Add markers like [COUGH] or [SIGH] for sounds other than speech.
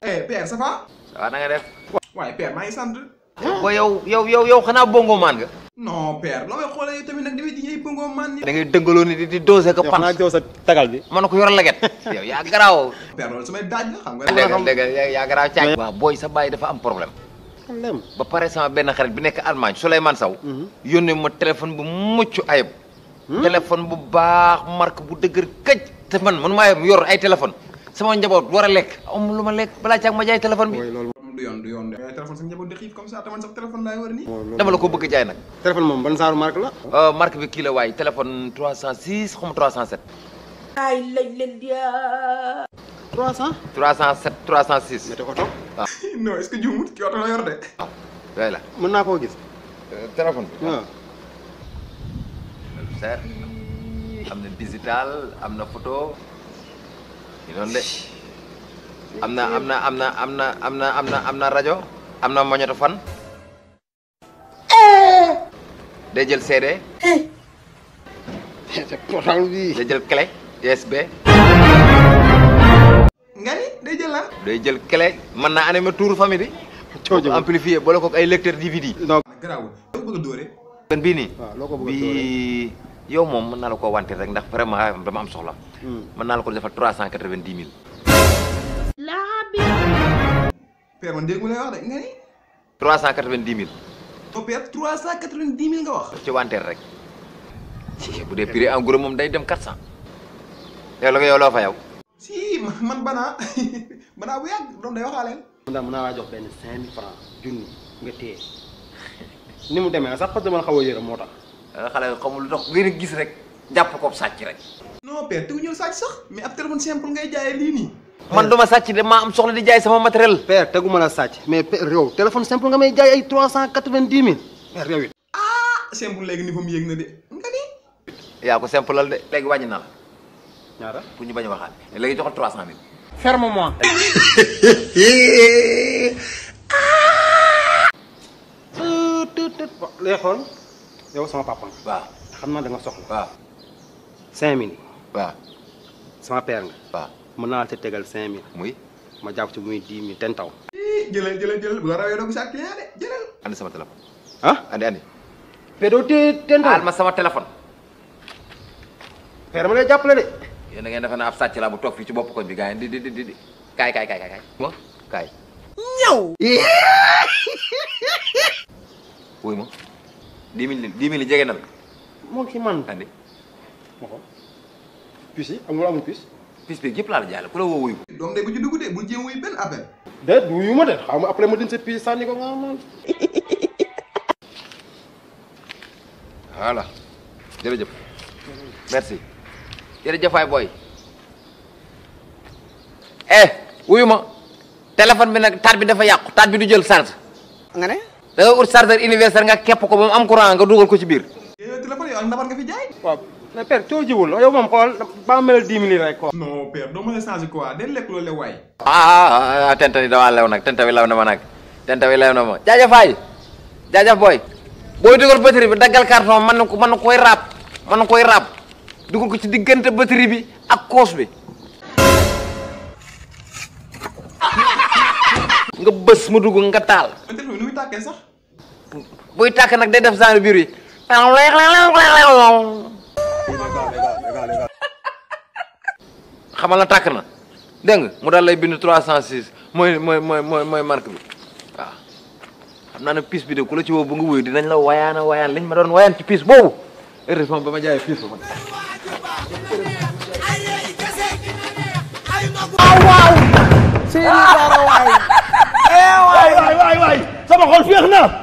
Eh, Pierre, ça va? Ça va, na nga main waaye Pierre maa ngi sant. ba yow bongo man? nga. non Pierre loo may xoolee yow tamit nag dafay bongo man, nii. da ngay di dosa ko pan. yow sa tagal bi. mën na ko yor leget. yow yaa garaaw. Pierre loolu samay daaj la papa nga. dëgg dëgg yaa garaaw caag. waaw booy sa baay dafa am problème. problème ba pare sama benn xarit bi nekk Allemagne mhm. bu mucc ayib. téléphone bu baax marque bu dëgër këj. te man man maa yor ay téléphone sama njaboot war a lekk am lu ma lekk balaa caag ma jaay téléphone bi. du yoon du yoon de. waaye téléphone sa njaboot di xiif comme dama la ko bëgg jaay nag. téléphone moom ban saaru marque la. Euh, marque bi kii la waaye téléphone 306 xaw ma 307. ay lañ leen di. 300. 307 306. te oto. waaw ah. [LAUGHS] non la yor ah, mën naa koo gis. Euh, téléphone concert amna digital amna photo ñu doon de amna amna amna amna amna amna amna radio amna na fan de jël CD de bi day jël clé USB ngani de jël lan de jël clé man na animer tour famille bi coojo amplifié ko ay lecteur DVD non nah, grawul bëgg a ben ah, bi eh? hmm. ni bi yow mom man na la ko wante rek ndax vraiment dama am soxla man na la ko defal 390000 la bi père man déggu lay wax rek nga ni 390000 to père 390000 nga wax ci mom day dem 400 yow la nga yow lo fa yow si man bana [LAUGHS] bana bu yag doom day waxale man da jox ben 5000 francs nga ni mu demee sax parce que dama xaw a yërëm moo tax. Eh, xale xamul lu tax gis rek jàpp ko sàcc rek. non père te ñëw sàcc sax mais ab téléphone simple ngay jaayee lii nii. man duma sàcc de maa am soxla di jaay sama matériel. père teguma la sàcc mais père yow téléphone simple nga may jaay ay trois cent quatre-vingt-dix mille. père yow it. ah simple léegi ni mi yéeg na de nga ni. yaa ko simple lal de léegi wàññi na la. ñaata pour ñu bañ a waxaat léegi joxal trois cent mille. ferme [LAUGHS] lay xool yow sama papa nga. waaw xam naa da nga soxla. waaw cinq sama père nga. waaw mën la tegal cinq muy ma jàpp ci muy dix ten taw. jëlal jëlal jëlal bu la rawee doo gisaat client de jëlal. andi sama téléphone. ah andi andi. mais di ten taw. sama téléphone. père ma lay Yang de. yéen da ngeen defe naa ab sàcc laa bu ci bi di di di di kay kay kay kaay. ma kaay. ñaw. wuy ma. dix mille dix jege na la. moo ci man andi. yi amul amul puce. puce bi yëpp laa la ku la woo wuyu ko. doom de bu ci de bul jéem wuyu ma de xaw ma après ma ko nga amoon. [LAUGHS] voilà jërëjëf. merci. jërëjëf waay booy. eh wuyu ma bi nag taat bi dafa yàqu taat bi du jël charge. nga ne. da nga ut charger universel nga kep ko bam am courant nga dugal ko ci bir eh, na père to jiwul yow mom xol ba mel dix mille rek ko non père do mën a changer quoi den lek lolé way ah ah ah, ah, ah tente bi damaa lew nag tente bi na ma nak tenta wi lew na ma jaajëf fay jaajëf boy boy dugal batterie bi dagal carton man ko man koy rap man koy rap dugal ko ci digënté batterie bi ak coos bi. nga bëss mu dugg nga taal. nu sax buy tak nak day def sa biir yi xamal na tàkk na deng mu dal lay bind 306 moy moy moy moy moy marque bi waaw ah. xam na ne bi de ko la ci wo bu nga wuyu dinañ la wayana wayan liñ ma doon wayan ci piis bobu heureusement ba ma jaayee piis ba man waaw waaw sama xol féex na